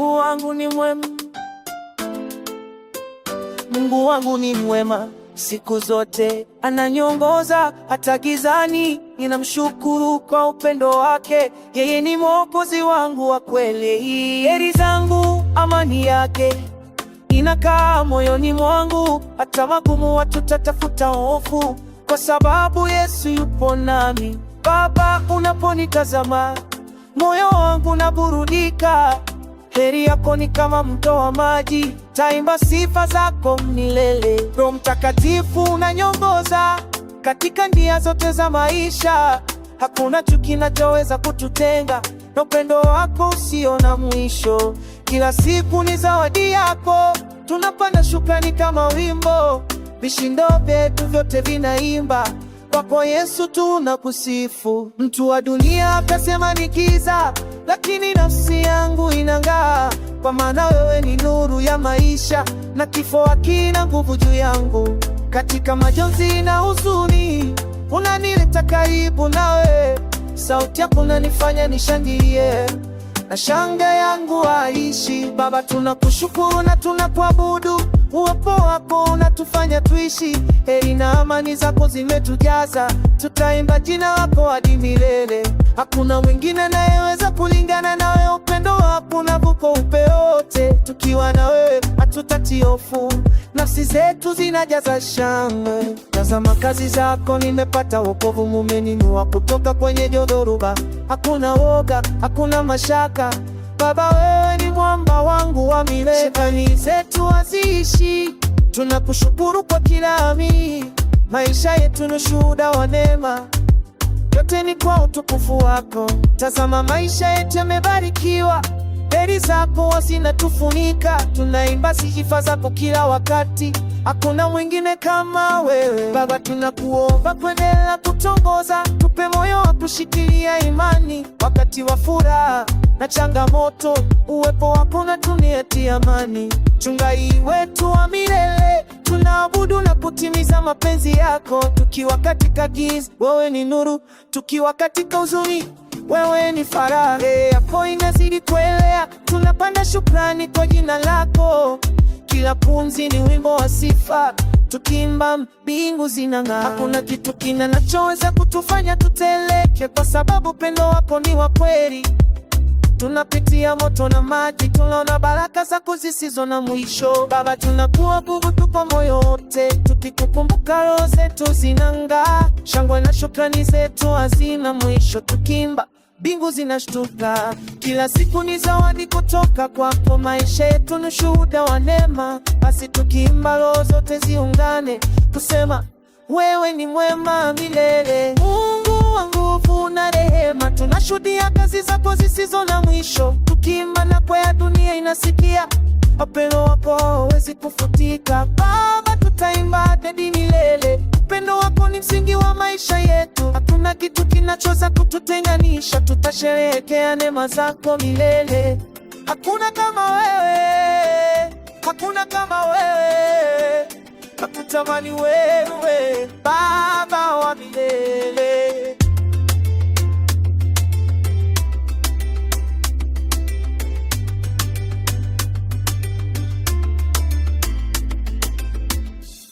Mungu wangu ni mwema, Mungu wangu ni mwema siku zote, ananiongoza hata gizani. Ninamshukuru kwa upendo wake, yeye ni mwokozi wangu wa kweli. Heri zangu, amani yake inakaa moyoni mwangu, hata magumu watu tatafuta hofu, kwa sababu Yesu yupo nami. Baba, unaponitazama moyo wangu naburudika. Heri yako ni kama mto wa maji, taimba sifa zako milele. Roho Mtakatifu unanyongoza katika njia zote za maisha, hakuna chuki kinachoweza kututenga na upendo wako usio na mwisho. Kila siku ni zawadi yako, tunapanda shukrani kama wimbo, vishindo vyetu vyote vinaimba kwako Yesu, tunakusifu. Mtu wa dunia akasema ni giza lakini nafsi yangu inang'aa, kwa maana wewe ni nuru ya maisha, na kifo hakina nguvu juu yangu. Katika majonzi na huzuni, unanileta karibu nawe, sauti yako unanifanya nishangilie, na shanga yangu haishi. Baba, tunakushukuru na tunakuabudu, uwepo wako unatufanya tuishi, heri na amani zako zimetujaza, tutaimba jina lako hadi milele. Hakuna mwingine anayeweza kulingana na wewe, upendo wako unavuka upeo wote. Tukiwa na wewe hatutati hofu, nafsi zetu zinajaza shangwe. Tazama kazi zako, nimepata wokovu, mumeninua kutoka kwenye jodhoruba. Hakuna woga, hakuna mashaka, Baba wewe ni mwamba wangu wa milele. Shetani zetu haziishi, tunakushukuru kwa kila Maisha yetu ni shuhuda wa neema yote ni kwa utukufu wako. Tazama maisha yetu yamebarikiwa, heri zako zinatufunika, tunaimba sifa zako kila wakati, hakuna mwingine kama wewe. Baba, tunakuomba kuendelea kutongoza, tupe moyo wa kushikilia imani wakati wa furaha na changamoto, uwepo wako na tunietia amani. Mchungaji wetu wa milele, tunaabudu na kutimiza mapenzi yako. Tukiwa katika giza, wewe ni nuru, tukiwa katika huzuni wewe ni faraja yako inazidi kuelea. Tunapanda shukrani kwa jina lako, kila pumzi ni wimbo wa sifa, tukimba mbingu zinang'aa. Hakuna kitu kinachoweza kutufanya tuteleke, kwa sababu pendo wako ni wa kweli tunapitia moto na maji, tunaona baraka zako zisizo na mwisho. Baba, tunakuabudu, tupo moyo wote, tukikukumbuka roho zetu zinang'aa, shangwe na shukrani zetu hazina mwisho, tukimba mbingu zinashtuka. Kila siku ni zawadi kutoka kwako, maisha yetu ni shuhuda wa neema. Basi tukiimba roho zote ziungane kusema, wewe ni mwema milele. Mungu wa nguvu na rehema, tunashuhudia kazi zako zisizo na mwisho, tukiimba na kwaya dunia inasikia. apelo wako wezi kufutika Baba, tutaimba hadi milele. Upendo wako ni msingi wa maisha yetu, hakuna kitu kinachoza kututenganisha. Tutasherehekea neema zako milele. Hakuna kama wewe, hakuna kama wewe, nakutamani wewe Baba wa milele.